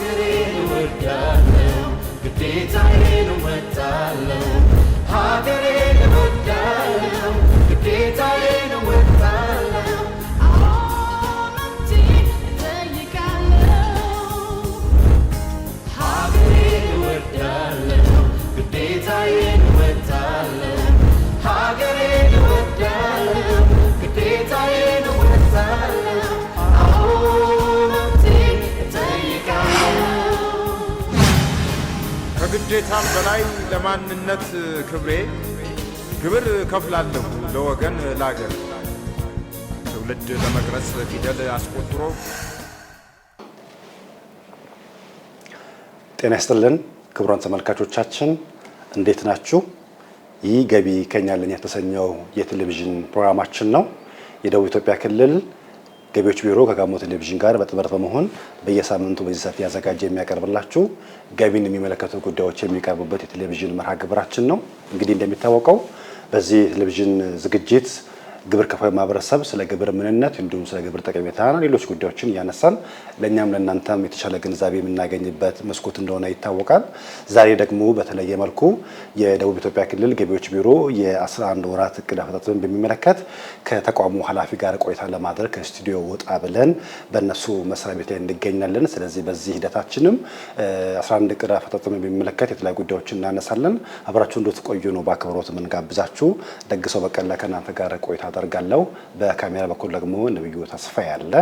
ሀገሬን እወዳለሁ ግዴታዬን እወጣለሁ ከሁኔታም በላይ ለማንነት ክብሬ ግብር ከፍላለሁ ለወገን ላገር ትውልድ ለመቅረጽ ፊደል አስቆጥሮ። ጤና ይስጥልን ክቡራን ተመልካቾቻችን እንዴት ናችሁ? ይህ ገቢ ከኛለን የተሰኘው የቴሌቪዥን ፕሮግራማችን ነው። የደቡብ ኢትዮጵያ ክልል ገቢዎች ቢሮ ከጋሞ ቴሌቪዥን ጋር በጥምረት በመሆን በየሳምንቱ በዚህ ሰዓት እያዘጋጀ የሚያቀርብላችሁ ገቢን የሚመለከቱ ጉዳዮች የሚቀርቡበት የቴሌቪዥን መርሃ ግብራችን ነው። እንግዲህ እንደሚታወቀው በዚህ ቴሌቪዥን ዝግጅት ግብር ከፋዩ ማህበረሰብ ስለ ግብር ምንነት እንዲሁም ስለ ግብር ጠቀሜታና ሌሎች ጉዳዮችን እያነሳን ለእኛም ለእናንተም የተሻለ ግንዛቤ የምናገኝበት መስኮት እንደሆነ ይታወቃል። ዛሬ ደግሞ በተለየ መልኩ የደቡብ ኢትዮጵያ ክልል ገቢዎች ቢሮ የ11 ወራት እቅድ አፈጻጸምን በሚመለከት ከተቋሙ ኃላፊ ጋር ቆይታ ለማድረግ ከስቱዲዮ ወጣ ብለን በእነሱ መስሪያ ቤት ላይ እንገኛለን። ስለዚህ በዚህ ሂደታችንም 11 እቅድ አፈጻጸምን በሚመለከት የተለያዩ ጉዳዮችን እናነሳለን። አብራችሁ እንድትቆዩ ነው በአክብሮት የምንጋብዛችሁ። ደግሰው በቀለ ከእናንተ ጋር ቆይታ አደርጋለሁ። በካሜራ በኩል ደግሞ ነብዩ ተስፋ ያለ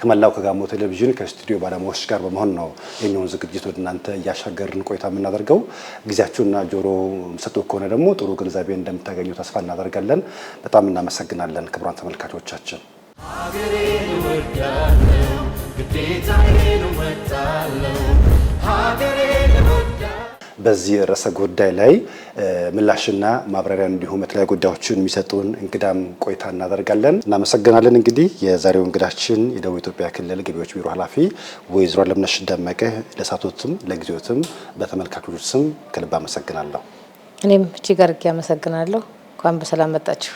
ከመላው ከጋሞ ቴሌቪዥን ከስቱዲዮ ባለሙያዎች ጋር በመሆን ነው የኛውን ዝግጅት ወደ እናንተ እያሻገርን ቆይታ የምናደርገው። ጊዜያችሁና ጆሮ ሰጡ ከሆነ ደግሞ ጥሩ ግንዛቤ እንደምታገኙ ተስፋ እናደርጋለን። በጣም እናመሰግናለን ክቡራን ተመልካቾቻችን። ሀገሬን እወዳለሁ፣ ግዴታዬን እወጣለሁ፣ ሀገሬን በዚህ ርዕሰ ጉዳይ ላይ ምላሽና ማብራሪያ እንዲሁም የተለያዩ ጉዳዮችን የሚሰጡን እንግዳም ቆይታ እናደርጋለን። እናመሰግናለን። እንግዲህ የዛሬው እንግዳችን የደቡብ ኢትዮጵያ ክልል ገቢዎች ቢሮ ኃላፊ ወይዘሮ አለምነሽ ደመቀ ለሳቶትም ለጊዜዎትም በተመልካቾች ስም ከልብ አመሰግናለሁ። እኔም እጅግ አድርጌ አመሰግናለሁ። እንኳን በሰላም መጣችሁ።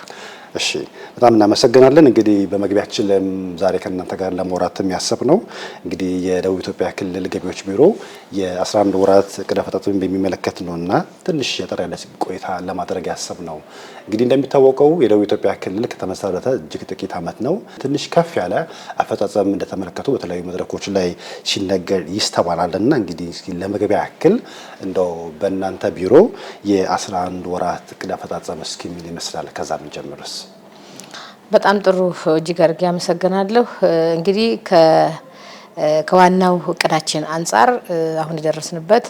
እሺ በጣም እናመሰግናለን። እንግዲህ በመግቢያችን ዛሬ ከእናንተ ጋር ለመውራት የሚያሰብ ነው። እንግዲህ የደቡብ ኢትዮጵያ ክልል ገቢዎች ቢሮ የ11 ወራት እቅድ አፈጻጸምን በሚመለከት ነው እና ትንሽ የጠር ያለ ቆይታ ለማድረግ ያሰብ ነው። እንግዲህ እንደሚታወቀው የደቡብ ኢትዮጵያ ክልል ከተመሰረተ እጅግ ጥቂት ዓመት ነው። ትንሽ ከፍ ያለ አፈጻጸም እንደተመለከቱ በተለያዩ መድረኮች ላይ ሲነገር ይስተባላል እና እንግዲህ ለመግቢያ ያክል እንደው በእናንተ ቢሮ የ11 ወራት እቅድ አፈጻጸም እስኪ ምን ይመስላል? ከዛ ምን ጀምርስ? በጣም ጥሩ እጅግ አድርጌ አመሰግናለሁ። እንግዲህ ከዋናው እቅዳችን አንጻር አሁን የደረስንበት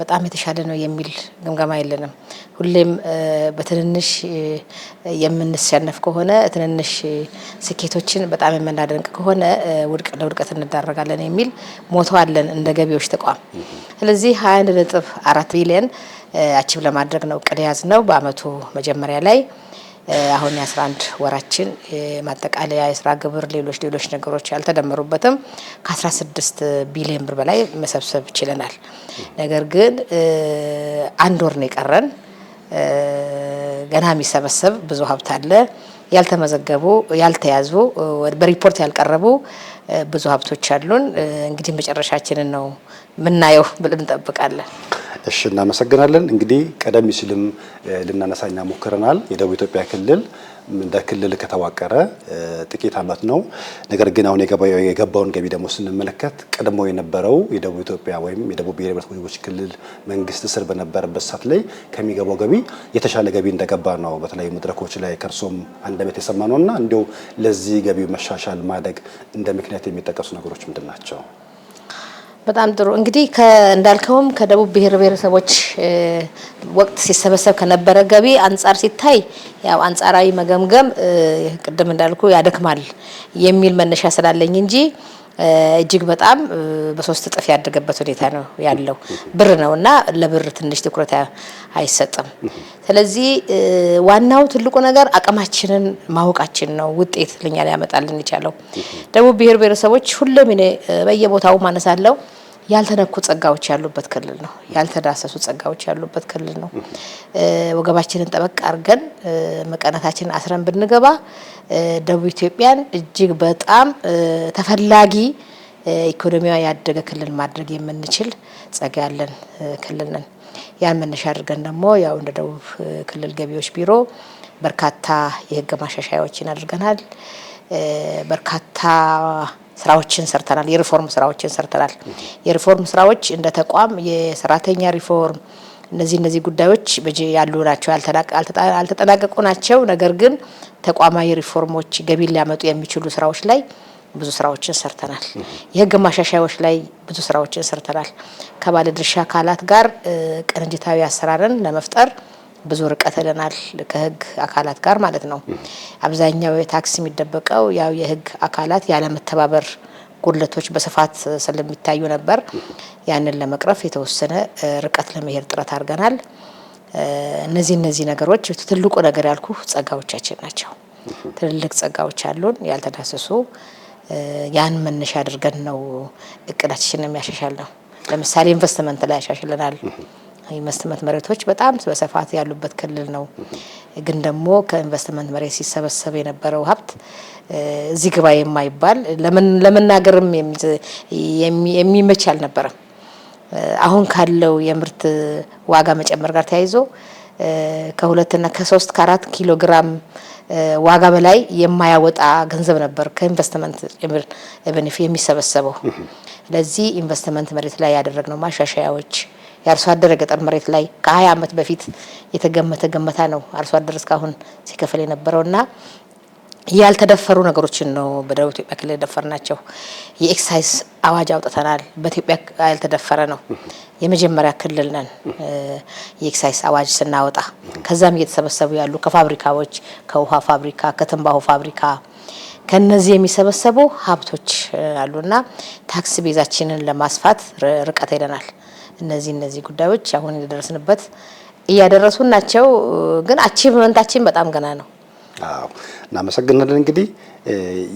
በጣም የተሻለ ነው የሚል ግምገማ የለንም። ሁሌም በትንንሽ የምንሸነፍ ከሆነ ትንንሽ ስኬቶችን በጣም የምናደንቅ ከሆነ ውድቅ ለውድቀት እንዳረጋለን የሚል ሞቶ አለን እንደ ገቢዎች ተቋም። ስለዚህ 21 ነጥብ አራት ቢሊየን አቺቭ ለማድረግ ነው እቅድ የያዝነው በአመቱ መጀመሪያ ላይ አሁን የአስራ አንድ ወራችን ማጠቃለያ የስራ ግብር፣ ሌሎች ሌሎች ነገሮች ያልተደመሩበትም ከ16 ቢሊዮን ብር በላይ መሰብሰብ ችለናል። ነገር ግን አንድ ወር ነው የቀረን። ገና የሚሰበሰብ ብዙ ሀብት አለ። ያልተመዘገቡ፣ ያልተያዙ፣ በሪፖርት ያልቀረቡ ብዙ ሀብቶች አሉን። እንግዲህ መጨረሻችንን ነው ምናየው ብለን እንጠብቃለን። እሺ እናመሰግናለን። እንግዲህ ቀደም ሲልም ልናነሳኛ ሞክረናል። የደቡብ ኢትዮጵያ ክልል እንደ ክልል ከተዋቀረ ጥቂት ዓመት ነው። ነገር ግን አሁን የገባውን ገቢ ደግሞ ስንመለከት ቀድሞ የነበረው የደቡብ ኢትዮጵያ ወይም የደቡብ ብሔራዊ ብሔረሰቦች ክልል መንግስት ስር በነበረበት ሰዓት ላይ ከሚገባው ገቢ የተሻለ ገቢ እንደገባ ነው በተለያዩ መድረኮች ላይ ከእርሶም አንደበት የሰማ ነው እና እንዲሁ ለዚህ ገቢ መሻሻል ማደግ እንደ ምክንያት የሚጠቀሱ ነገሮች ምንድን ናቸው? በጣም ጥሩ እንግዲህ እንዳልከውም ከደቡብ ብሔር ብሔረሰቦች ወቅት ሲሰበሰብ ከነበረ ገቢ አንጻር ሲታይ ያው አንጻራዊ መገምገም ቅድም እንዳልኩ ያደክማል የሚል መነሻ ስላለኝ እንጂ እጅግ በጣም በሶስት እጥፍ ያደገበት ሁኔታ ነው ያለው። ብር ነው እና ለብር ትንሽ ትኩረት አይሰጥም። ስለዚህ ዋናው ትልቁ ነገር አቅማችንን ማወቃችን ነው ውጤት ለኛ ሊያመጣልን የቻለው። ደቡብ ብሔር ብሔረሰቦች ሁሌም እኔ በየቦታው ማነሳለው ያልተነኩ ጸጋዎች ያሉበት ክልል ነው። ያልተዳሰሱ ጸጋዎች ያሉበት ክልል ነው። ወገባችንን ጠበቅ አድርገን መቀነታችንን አስረን ብንገባ ደቡብ ኢትዮጵያን እጅግ በጣም ተፈላጊ ኢኮኖሚዋ ያደገ ክልል ማድረግ የምንችል ጸጋ ያለን ክልል ነን። ያን መነሻ አድርገን ደግሞ ያው እንደ ደቡብ ክልል ገቢዎች ቢሮ በርካታ የህገ ማሻሻያዎችን አድርገናል። በርካታ ስራዎችን ሰርተናል። የሪፎርም ስራዎችን ሰርተናል። የሪፎርም ስራዎች እንደ ተቋም የሰራተኛ ሪፎርም እነዚህ እነዚህ ጉዳዮች ያሉ ናቸው፣ አልተጠናቀቁ ናቸው። ነገር ግን ተቋማዊ ሪፎርሞች ገቢን ሊያመጡ የሚችሉ ስራዎች ላይ ብዙ ስራዎችን ሰርተናል። የህግ ማሻሻያዎች ላይ ብዙ ስራዎችን ሰርተናል። ከባለድርሻ አካላት ጋር ቅንጅታዊ አሰራርን ለመፍጠር ብዙ ርቀት ሄደናል ከህግ አካላት ጋር ማለት ነው። አብዛኛው የታክስ የሚደበቀው ያው የህግ አካላት ያለመተባበር ጉድለቶች በስፋት ስለሚታዩ ነበር። ያንን ለመቅረፍ የተወሰነ ርቀት ለመሄድ ጥረት አድርገናል። እነዚህ እነዚህ ነገሮች ትልቁ ነገር ያልኩ ጸጋዎቻችን ናቸው። ትልልቅ ጸጋዎች አሉን ያልተዳሰሱ። ያን መነሻ አድርገን ነው እቅዳችንን የሚያሻሻል ነው። ለምሳሌ ኢንቨስትመንት ላይ ያሻሽልናል። የኢንቨስትመንት መሬቶች በጣም በስፋት ያሉበት ክልል ነው። ግን ደግሞ ከኢንቨስትመንት መሬት ሲሰበሰብ የነበረው ሀብት እዚህ ግባ የማይባል ለመናገርም የሚመች አልነበረም። አሁን ካለው የምርት ዋጋ መጨመር ጋር ተያይዞ ከሁለትና ከሶስት ከአራት ኪሎ ግራም ዋጋ በላይ የማያወጣ ገንዘብ ነበር ከኢንቨስትመንት የሚሰበሰበው። ለዚህ ኢንቨስትመንት መሬት ላይ ያደረግነው ማሻሻያዎች የአርሶ አደር የገጠር መሬት ላይ ከ20 ዓመት በፊት የተገመተ ገመታ ነው አርሶ አደር እስካሁን ሲከፍል የነበረውና ያልተደፈሩ ነገሮችን ነው በደቡብ ኢትዮጵያ ክልል የደፈር ናቸው። የኤክሳይዝ አዋጅ አውጥተናል። በኢትዮጵያ ያልተደፈረ ነው። የመጀመሪያ ክልል ነን የኤክሳይዝ አዋጅ ስናወጣ። ከዛም እየተሰበሰቡ ያሉ ከፋብሪካዎች ከውሃ ፋብሪካ፣ ከትንባሆ ፋብሪካ ከነዚህ የሚሰበሰቡ ሀብቶች አሉና ታክስ ቤዛችንን ለማስፋት ርቀት ሄደናል። እነዚህ እነዚህ ጉዳዮች አሁን የደረስንበት እያደረሱን ናቸው። ግን አቺቭመንታችን በጣም ገና ነው። አዎ እናመሰግናለን። እንግዲህ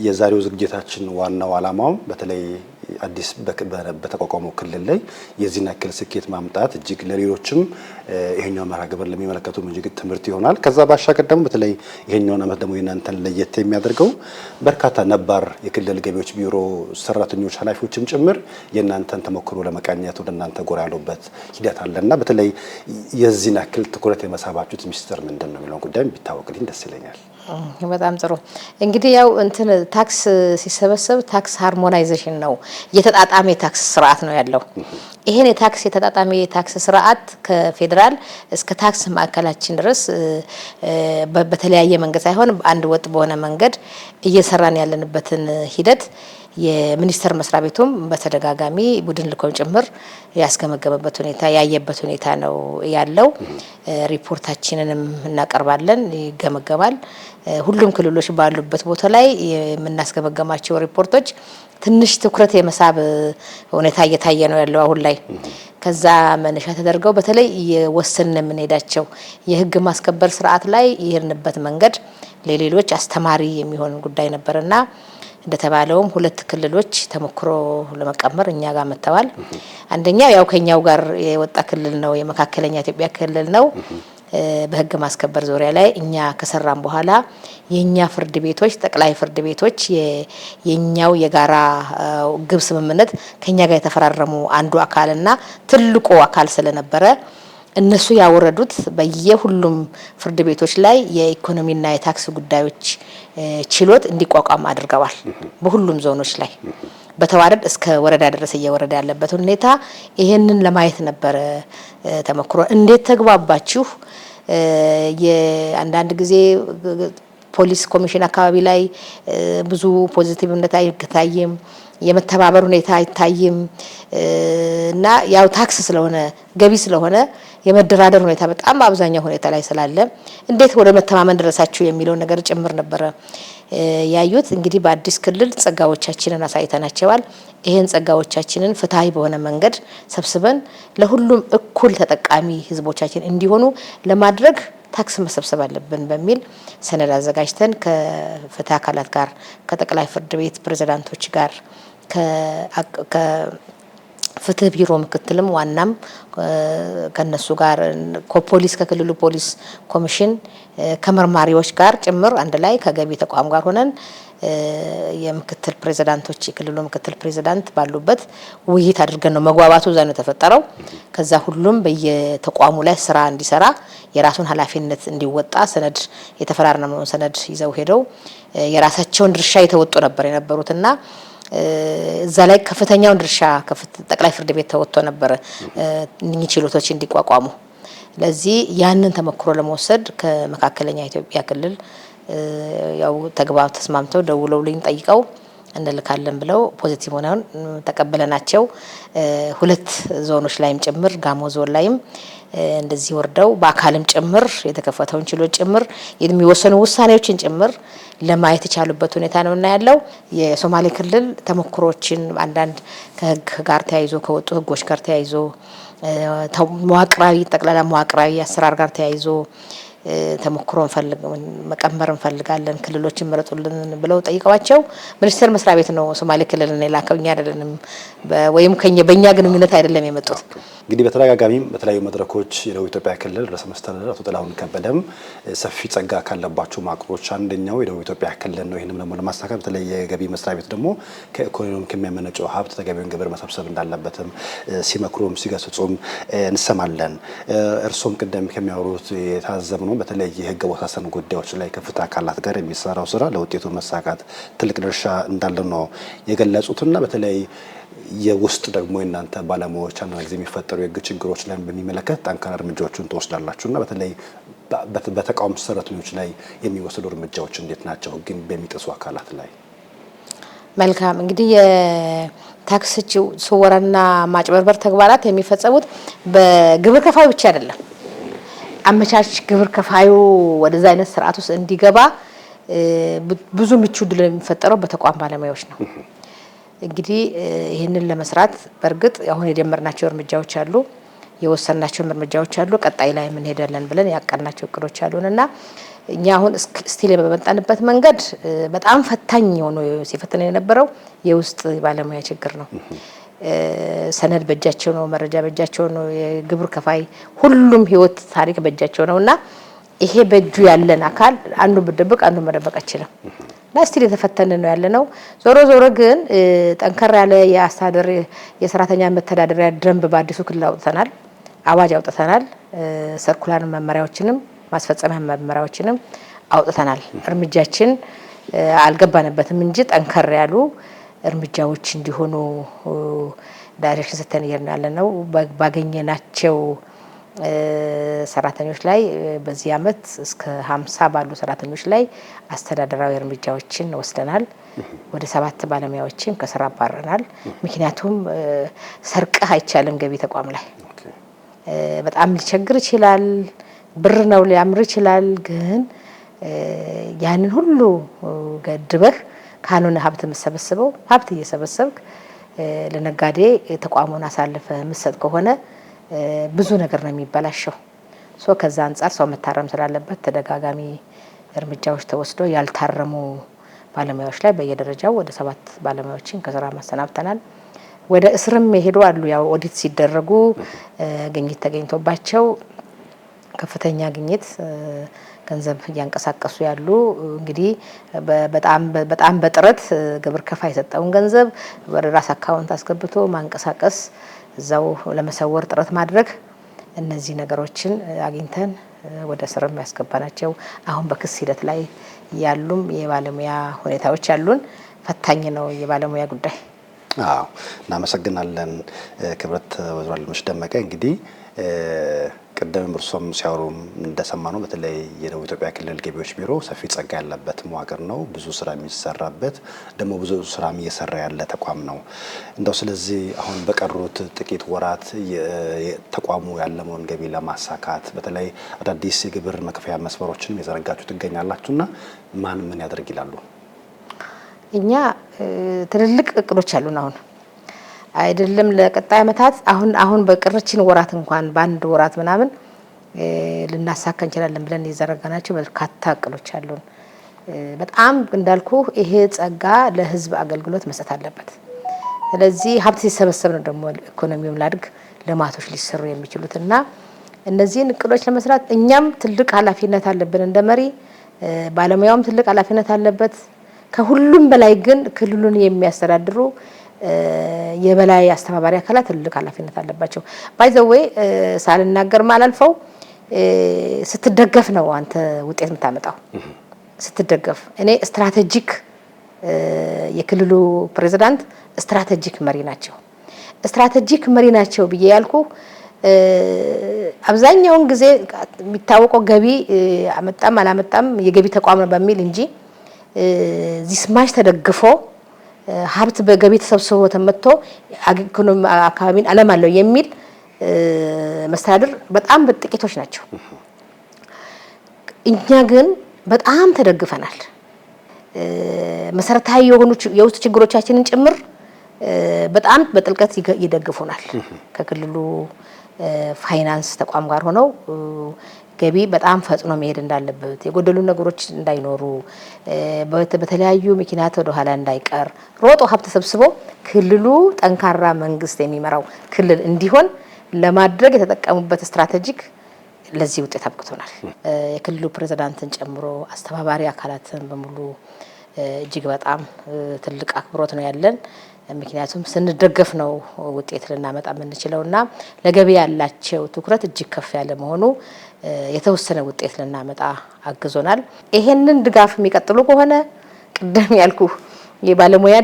የዛሬው ዝግጅታችን ዋናው አላማው በተለይ አዲስ በተቋቋመው ክልል ላይ የዚህን ያክል ስኬት ማምጣት እጅግ ለሌሎችም ይሄኛው መርሃ ግብር ለሚመለከቱ እጅግ ትምህርት ይሆናል። ከዛ ባሻገር ደግሞ በተለይ ይሄኛውን ዓመት ደግሞ የእናንተን ለየት የሚያደርገው በርካታ ነባር የክልል ገቢዎች ቢሮ ሰራተኞች፣ ኃላፊዎችም ጭምር የእናንተን ተሞክሮ ለመቃኘት ወደ እናንተ ጎራ ያሉበት ሂደት አለና በተለይ የዚህን ያክል ትኩረት የመሳባችሁት ሚስጥር ምንድን ነው የሚለውን ጉዳይ ቢታወቅልኝ ደስ ይለኛል። በጣም ጥሩ እንግዲህ ያው እንትን ታክስ ሲሰበሰብ ታክስ ሃርሞናይዜሽን ነው፣ የተጣጣሚ የታክስ ስርዓት ነው ያለው። ይሄን የታክስ የተጣጣሚ የታክስ ስርዓት ከፌዴራል እስከ ታክስ ማዕከላችን ድረስ በተለያየ መንገድ ሳይሆን አንድ ወጥ በሆነ መንገድ እየሰራን ያለንበትን ሂደት የሚኒስቴር መስሪያ ቤቱም በተደጋጋሚ ቡድን ልኮም ጭምር ያስገመገመበት ሁኔታ ያየበት ሁኔታ ነው ያለው። ሪፖርታችንንም እናቀርባለን፣ ይገመገማል። ሁሉም ክልሎች ባሉበት ቦታ ላይ የምናስገመገማቸው ሪፖርቶች ትንሽ ትኩረት የመሳብ ሁኔታ እየታየ ነው ያለው አሁን ላይ። ከዛ መነሻ ተደርገው በተለይ የወሰን የምንሄዳቸው የህግ ማስከበር ስርዓት ላይ የሄድንበት መንገድ ለሌሎች አስተማሪ የሚሆን ጉዳይ ነበርና እንደተባለውም ሁለት ክልሎች ተሞክሮ ለመቀመር እኛ ጋር መጥተዋል። አንደኛው ያው ከኛው ጋር የወጣ ክልል ነው፣ የመካከለኛ ኢትዮጵያ ክልል ነው። በህግ ማስከበር ዙሪያ ላይ እኛ ከሰራም በኋላ የኛ ፍርድ ቤቶች ጠቅላይ ፍርድ ቤቶች የኛው የጋራ ግብ ስምምነት ከኛ ጋር የተፈራረሙ አንዱ አካልና ትልቁ አካል ስለነበረ እነሱ ያወረዱት በየሁሉም ፍርድ ቤቶች ላይ የኢኮኖሚና የታክስ ጉዳዮች ችሎት እንዲቋቋም አድርገዋል። በሁሉም ዞኖች ላይ በተዋረድ እስከ ወረዳ ድረስ እየወረደ ያለበት ሁኔታ ይሄንን ለማየት ነበረ ተሞክሮ። እንዴት ተግባባችሁ? የአንዳንድ ጊዜ ፖሊስ ኮሚሽን አካባቢ ላይ ብዙ ፖዚቲቭነት አይታይም። የመተባበር ሁኔታ አይታይም እና ያው ታክስ ስለሆነ ገቢ ስለሆነ የመደራደር ሁኔታ በጣም አብዛኛው ሁኔታ ላይ ስላለ እንዴት ወደ መተማመን ደረሳችሁ የሚለውን ነገር ጭምር ነበረ ያዩት። እንግዲህ በአዲስ ክልል ጸጋዎቻችንን አሳይተናቸዋል። ይህን ጸጋዎቻችንን ፍትሐዊ በሆነ መንገድ ሰብስበን ለሁሉም እኩል ተጠቃሚ ህዝቦቻችን እንዲሆኑ ለማድረግ ታክስ መሰብሰብ አለብን በሚል ሰነድ አዘጋጅተን ከፍትህ አካላት ጋር ከጠቅላይ ፍርድ ቤት ፕሬዝዳንቶች ጋር ፍትህ ቢሮ ምክትልም ዋናም ከነሱ ጋር ከፖሊስ ከክልሉ ፖሊስ ኮሚሽን ከመርማሪዎች ጋር ጭምር አንድ ላይ ከገቢ ተቋም ጋር ሆነን የምክትል ፕሬዚዳንቶች የክልሉ ምክትል ፕሬዚዳንት ባሉበት ውይይት አድርገን ነው መግባባቱ እዛ ነው የተፈጠረው። ከዛ ሁሉም በየተቋሙ ላይ ስራ እንዲሰራ የራሱን ኃላፊነት እንዲወጣ ሰነድ የተፈራረመውን ሰነድ ይዘው ሄደው የራሳቸውን ድርሻ የተወጡ ነበር የነበሩትና እዛ ላይ ከፍተኛውን ድርሻ ጠቅላይ ፍርድ ቤት ተወጥቶ ነበረ እኚህ ችሎቶች እንዲቋቋሙ። ለዚህ ያንን ተሞክሮ ለመውሰድ ከመካከለኛ ኢትዮጵያ ክልል ያው ተግባብ ተስማምተው ደውለውልኝ ጠይቀው እንልካለን ብለው ፖዚቲቭ ሆነውን ተቀበለናቸው። ሁለት ዞኖች ላይም ጭምር ጋሞ ዞን ላይም እንደዚህ ወርደው በአካልም ጭምር የተከፈተውን ችሎት ጭምር የሚወሰኑ ውሳኔዎችን ጭምር ለማየት የቻሉበት ሁኔታ ነው እና ያለው የሶማሌ ክልል ተሞክሮችን አንዳንድ ከህግ ጋር ተያይዞ ከወጡ ህጎች ጋር ተያይዞ መዋቅራዊ ጠቅላላ መዋቅራዊ አሰራር ጋር ተያይዞ ተሞክሮ መቀመር እንፈልጋለን ክልሎችን መረጡልን ብለው ጠይቀዋቸው ሚኒስቴር መስሪያ ቤት ነው ሶማሌ ክልልን የላከው እኛ አይደለንም፣ ወይም በእኛ ግንኙነት አይደለም የመጡት። እንግዲህ በተደጋጋሚም በተለያዩ መድረኮች የደቡብ ኢትዮጵያ ክልል ርዕሰ መስተዳደር አቶ ጥላሁን ከበደም ሰፊ ጸጋ ካለባቸው ማቅሮች አንደኛው የደቡብ ኢትዮጵያ ክልል ነው። ይህንም ደግሞ ለማሳካት በተለይ የገቢ መስሪያ ቤት ደግሞ ከኢኮኖሚ ከሚያመነጨው ሀብት ተገቢውን ግብር መሰብሰብ እንዳለበትም ሲመክሩም ሲገስጹም እንሰማለን። እርሶም ቅደም ከሚያወሩት የታዘብነው ሆኖ በተለይ የህግ ወሳሰን ጉዳዮች ላይ ከፍትህ አካላት ጋር የሚሰራው ስራ ለውጤቱ መሳካት ትልቅ ድርሻ እንዳለ ነው የገለጹትና በተለይ የውስጥ ደግሞ የእናንተ ባለሙያዎች አንዳንድ ጊዜ የሚፈጠሩ የህግ ችግሮች ላይ በሚመለከት ጠንካራ እርምጃዎችን ትወስዳላችሁ እና በተለይ በተቃውሞ ሰራተኞች ላይ የሚወሰዱ እርምጃዎች እንዴት ናቸው? ህግን በሚጥሱ አካላት ላይ። መልካም እንግዲህ የታክስ ስወራና ማጭበርበር ተግባራት የሚፈጸሙት በግብር ከፋይ ብቻ አይደለም። አመቻች ግብር ከፋዩ ወደዛ አይነት ስርዓት ውስጥ እንዲገባ ብዙ ምቹ ድል የሚፈጠረው በተቋም ባለሙያዎች ነው። እንግዲህ ይህንን ለመስራት በእርግጥ አሁን የጀመርናቸው እርምጃዎች አሉ፣ የወሰንናቸውም እርምጃዎች አሉ፣ ቀጣይ ላይ የምንሄዳለን ብለን ያቀናቸው እቅዶች አሉን እና እኛ አሁን ስቲል በመጣንበት መንገድ በጣም ፈታኝ የሆነ ሲፈትን የነበረው የውስጥ ባለሙያ ችግር ነው። ሰነድ በእጃቸው ነው፣ መረጃ በእጃቸው ነው፣ የግብር ከፋይ ሁሉም ህይወት ታሪክ በእጃቸው ነው እና ይሄ በእጁ ያለን አካል አንዱ ብደብቅ አንዱ መደበቅ አይችልም እና ስቲል ነው ያለ ነው። ዞሮ ዞሮ ግን ጠንከር ያለ የአስተዳደር የሰራተኛ መተዳደሪያ ደንብ በአዲሱ ክልል አውጥተናል፣ አዋጅ አውጥተናል፣ ሰርኩላር መመሪያዎችንም ማስፈጸሚያ መመሪያዎችንም አውጥተናል። እርምጃችን አልገባንበትም እንጂ ጠንከር ያሉ እርምጃዎች እንዲሆኑ ዳይሬክሽን ሰተን እየርናለ ነው። ባገኘናቸው ሰራተኞች ላይ በዚህ አመት እስከ ሀምሳ ባሉ ሰራተኞች ላይ አስተዳደራዊ እርምጃዎችን ወስደናል። ወደ ሰባት ባለሙያዎችን ከስራ አባረናል። ምክንያቱም ሰርቀህ አይቻልም ገቢ ተቋም ላይ በጣም ሊቸግር ይችላል። ብር ነው ሊያምር ይችላል። ግን ያንን ሁሉ ገድበህ ካልሆነ ሀብት የምሰበስበው ሀብት እየሰበሰብክ ለነጋዴ ተቋሙን አሳልፈ ምሰጥ ከሆነ ብዙ ነገር ነው የሚበላሸው። ሶ ከዛ አንጻር ሰው መታረም ስላለበት ተደጋጋሚ እርምጃዎች ተወስዶ ያልታረሙ ባለሙያዎች ላይ በየደረጃው ወደ ሰባት ባለሙያዎችን ከስራ ማሰናብተናል። ወደ እስርም የሄዱ አሉ። ያው ኦዲት ሲደረጉ ግኝት ተገኝቶባቸው ከፍተኛ ግኝት ገንዘብ እያንቀሳቀሱ ያሉ እንግዲህ በጣም በጥረት ግብር ከፋ የሰጠውን ገንዘብ ወደ ራስ አካውንት አስገብቶ ማንቀሳቀስ፣ እዛው ለመሰወር ጥረት ማድረግ እነዚህ ነገሮችን አግኝተን ወደ ስር የሚያስገባ ናቸው። አሁን በክስ ሂደት ላይ ያሉም የባለሙያ ሁኔታዎች ያሉን ፈታኝ ነው የባለሙያ ጉዳይ። አዎ እናመሰግናለን ክብረት ወይዘሮ ደመቀ እንግዲህ ቅድም እርሶም ሲያወሩ እንደሰማ ነው። በተለይ የደቡብ ኢትዮጵያ ክልል ገቢዎች ቢሮ ሰፊ ጸጋ ያለበት መዋቅር ነው። ብዙ ስራ የሚሰራበት ደግሞ ብዙ ስራ እየሰራ ያለ ተቋም ነው። እንደው ስለዚህ አሁን በቀሩት ጥቂት ወራት ተቋሙ ያለመውን ገቢ ለማሳካት በተለይ አዳዲስ የግብር መክፈያ መስመሮችንም የዘረጋችሁ ትገኛላችሁ እና ማን ምን ያደርግ ይላሉ? እኛ ትልልቅ እቅዶች አሉን አሁን አይደለም ለቀጣይ አመታት አሁን አሁን በቅርችን ወራት እንኳን በአንድ ወራት ምናምን ልናሳካ እንችላለን ብለን የዘረጋናቸው በርካታ እቅዶች አሉን። በጣም እንዳልኩ ይሄ ጸጋ ለህዝብ አገልግሎት መስጠት አለበት። ስለዚህ ሀብት ሲሰበሰብ ነው ደግሞ ኢኮኖሚውም ላድግ ልማቶች ሊሰሩ የሚችሉት እና እነዚህን እቅዶች ለመስራት እኛም ትልቅ ኃላፊነት አለብን እንደ መሪ፣ ባለሙያውም ትልቅ ኃላፊነት አለበት። ከሁሉም በላይ ግን ክልሉን የሚያስተዳድሩ የበላይ አስተባባሪ አካላት ትልቅ ኃላፊነት አለባቸው። ባይዘወይ ሳልናገር ማላልፈው ስትደገፍ ነው አንተ ውጤት የምታመጣው ስትደገፍ። እኔ ስትራቴጂክ የክልሉ ፕሬዚዳንት ስትራቴጂክ መሪ ናቸው። ስትራቴጂክ መሪ ናቸው ብዬ ያልኩ አብዛኛውን ጊዜ የሚታወቀው ገቢ አመጣም አላመጣም የገቢ ተቋም ነው በሚል እንጂ ዚስማሽ ተደግፎ ሀብት በገቢ ተሰብስቦ ተመጥቶ አካባቢን አለም አለው የሚል መስተዳድር በጣም ጥቂቶች ናቸው። እኛ ግን በጣም ተደግፈናል። መሰረታዊ የሆኑ የውስጥ ችግሮቻችንን ጭምር በጣም በጥልቀት ይደግፉናል። ከክልሉ ፋይናንስ ተቋም ጋር ሆነው ገቢ በጣም ፈጥኖ መሄድ እንዳለበት፣ የጎደሉ ነገሮች እንዳይኖሩ፣ በተለያዩ ምክንያት ወደ ኋላ እንዳይቀር ሮጦ ሀብት ሰብስቦ ክልሉ ጠንካራ መንግስት የሚመራው ክልል እንዲሆን ለማድረግ የተጠቀሙበት ስትራቴጂክ ለዚህ ውጤት አብቅቶናል። የክልሉ ፕሬዚዳንትን ጨምሮ አስተባባሪ አካላትን በሙሉ እጅግ በጣም ትልቅ አክብሮት ነው ያለን። ምክንያቱም ስንደገፍ ነው ውጤት ልናመጣ የምንችለው እና ለገቢ ያላቸው ትኩረት እጅግ ከፍ ያለ መሆኑ የተወሰነ ውጤት ልናመጣ አግዞናል። ይሄንን ድጋፍ የሚቀጥሉ ከሆነ ቅድም ያልኩ የባለሙያ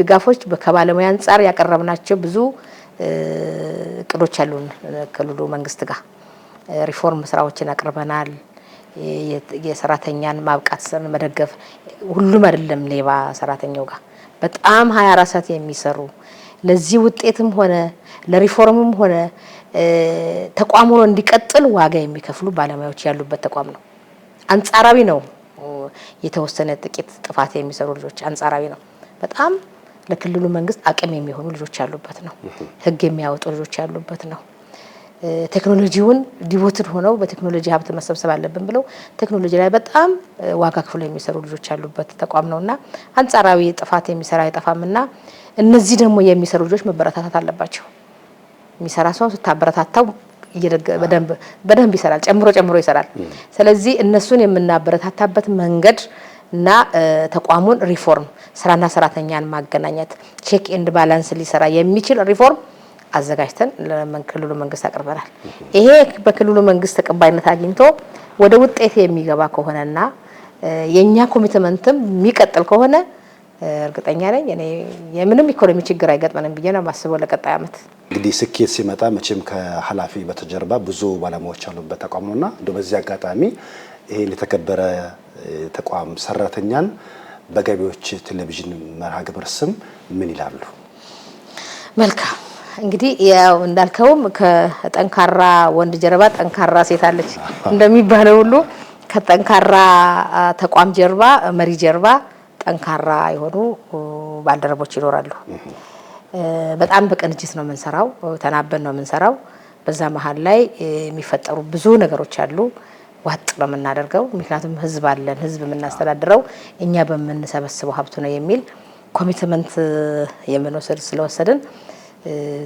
ድጋፎች ከባለሙያ አንጻር ያቀረብናቸው ብዙ እቅዶች ያሉን ክልሉ መንግስት ጋር ሪፎርም ስራዎችን አቅርበናል። የሰራተኛን ማብቃት ስን መደገፍ ሁሉም አይደለም። ሌባ ሰራተኛው ጋር በጣም ሀያ አራት ሰዓት የሚሰሩ ለዚህ ውጤትም ሆነ ለሪፎርምም ሆነ ተቋም ሆኖ እንዲቀጥል ዋጋ የሚከፍሉ ባለሙያዎች ያሉበት ተቋም ነው። አንጻራዊ ነው። የተወሰነ ጥቂት ጥፋት የሚሰሩ ልጆች አንጻራዊ ነው። በጣም ለክልሉ መንግስት አቅም የሚሆኑ ልጆች ያሉበት ነው። ህግ የሚያወጡ ልጆች ያሉበት ነው። ቴክኖሎጂውን ዲቮትድ ሆነው በቴክኖሎጂ ሀብት መሰብሰብ አለብን ብለው ቴክኖሎጂ ላይ በጣም ዋጋ ክፍሎ የሚሰሩ ልጆች ያሉበት ተቋም እና አንጻራዊ ጥፋት የሚሰራ አይጠፋምና እነዚህ ደግሞ የሚሰሩ ልጆች መበረታታት አለባቸው። የሚሰራ ሰው ስታበረታታው በደንብ ይሰራል፣ ጨምሮ ጨምሮ ይሰራል። ስለዚህ እነሱን የምናበረታታበት መንገድ እና ተቋሙን ሪፎርም ስራና ሰራተኛን ማገናኘት ቼክ ኤንድ ባላንስ ሊሰራ የሚችል ሪፎርም አዘጋጅተን ለክልሉ መንግስት አቅርበናል። ይሄ በክልሉ መንግስት ተቀባይነት አግኝቶ ወደ ውጤት የሚገባ ከሆነና የኛ ኮሚትመንትም የሚቀጥል ከሆነ እርግጠኛ ነኝ እኔ የምንም ኢኮኖሚ ችግር አይገጥመንም ብዬ ነው ማስበው ለቀጣይ አመት እንግዲህ ስኬት ሲመጣ መቼም ከኃላፊ በተጀርባ ብዙ ባለሙያዎች አሉበት እንደ በዚህ አጋጣሚ ይህን የተከበረ ተቋም ሰራተኛን በገቢዎች ቴሌቪዥን መርሃ ግብር ስም ምን ይላሉ? መልካም እንግዲህ ያው እንዳልከውም ከጠንካራ ወንድ ጀርባ ጠንካራ ሴት አለች እንደሚባለው ሁሉ ከጠንካራ ተቋም ጀርባ መሪ ጀርባ ጠንካራ የሆኑ ባልደረቦች ይኖራሉ። በጣም በቅንጅት ነው የምንሰራው፣ ተናበን ነው የምንሰራው። በዛ መሀል ላይ የሚፈጠሩ ብዙ ነገሮች አሉ። ዋጥ ነው የምናደርገው፣ ምክንያቱም ህዝብ አለን። ህዝብ የምናስተዳድረው እኛ በምንሰበስበው ሀብቱ ነው የሚል ኮሚትመንት የምንወስድ ስለወሰድን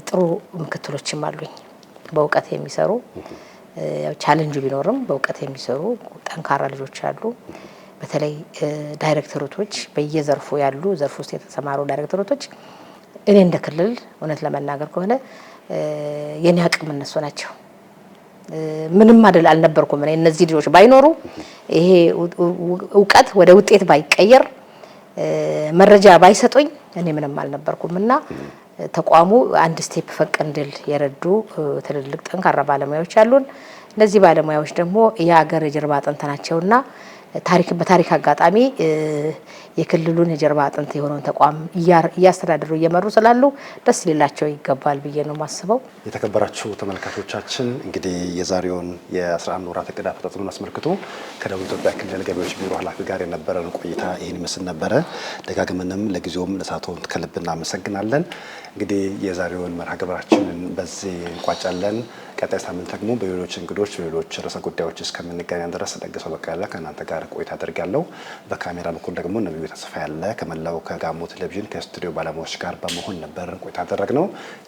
ጥሩ ምክትሎችም አሉኝ በእውቀት የሚሰሩ ቻለንጁ ቢኖርም በእውቀት የሚሰሩ ጠንካራ ልጆች አሉ። በተለይ ዳይሬክተሮቶች በየዘርፉ ያሉ ዘርፍ ውስጥ የተሰማሩ ዳይሬክተሮቶች እኔ እንደ ክልል እውነት ለመናገር ከሆነ የኔ አቅም እነሱ ናቸው። ምንም አደል አልነበርኩም እኔ። እነዚህ ልጆች ባይኖሩ ይሄ እውቀት ወደ ውጤት ባይቀየር መረጃ ባይሰጡኝ እኔ ምንም አልነበርኩም እና ተቋሙ አንድ ስቴፕ ፈቅ እንድል የረዱ ትልልቅ ጠንካራ ባለሙያዎች አሉን። እነዚህ ባለሙያዎች ደግሞ የሀገር የጀርባ አጥንት ናቸውና ታሪክ በታሪክ አጋጣሚ የክልሉን የጀርባ አጥንት የሆነውን ተቋም እያስተዳደሩ እየመሩ ስላሉ ደስ ሊላቸው ይገባል ብዬ ነው የማስበው። የተከበራችሁ ተመልካቾቻችን እንግዲህ የዛሬውን የ11 ወራት እቅድ አፈጻጸሙን አስመልክቶ ከደቡብ ኢትዮጵያ ክልል ገቢዎች ቢሮ ኃላፊ ጋር የነበረን ቆይታ ይህን ይመስል ነበረ። ደጋግመንም ለጊዜውም ለሰዓትዎን ከልብ እናመሰግናለን። እንግዲህ የዛሬውን መርሃ ግብራችንን በዚህ እንቋጫለን። ቀጣይ ሳምንት ደግሞ በሌሎች እንግዶች በሌሎች ርዕሰ ጉዳዮች እስከምንገናኝ ድረስ ደግሰው በቀለ ከእናንተ ጋር ቆይታ አድርጋለሁ። በካሜራ በኩል ደግሞ ነቢዩ ተስፋ ያለ ከመላው ከጋሞ ቴሌቪዥን ከስቱዲዮ ባለሙያዎች ጋር በመሆን ነበር ቆይታ አደረግ ነው።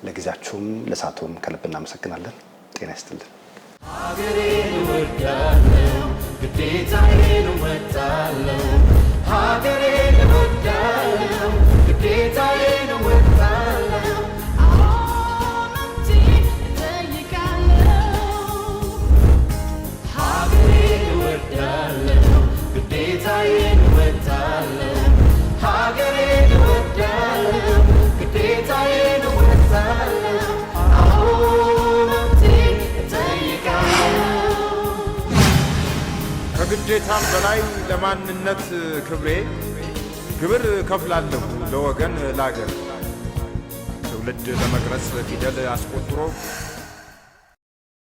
ለጊዜያችሁም ለሳቱም ከልብ እናመሰግናለን። ጤና ይስጥልን። ሀገሬን እወዳለሁ፣ ሀገሬን ከሁኔታም በላይ ለማንነት ክብሬ ግብር ከፍላለሁ ለወገን ላገር ትውልድ ለመቅረጽ ፊደል አስቆጥሮ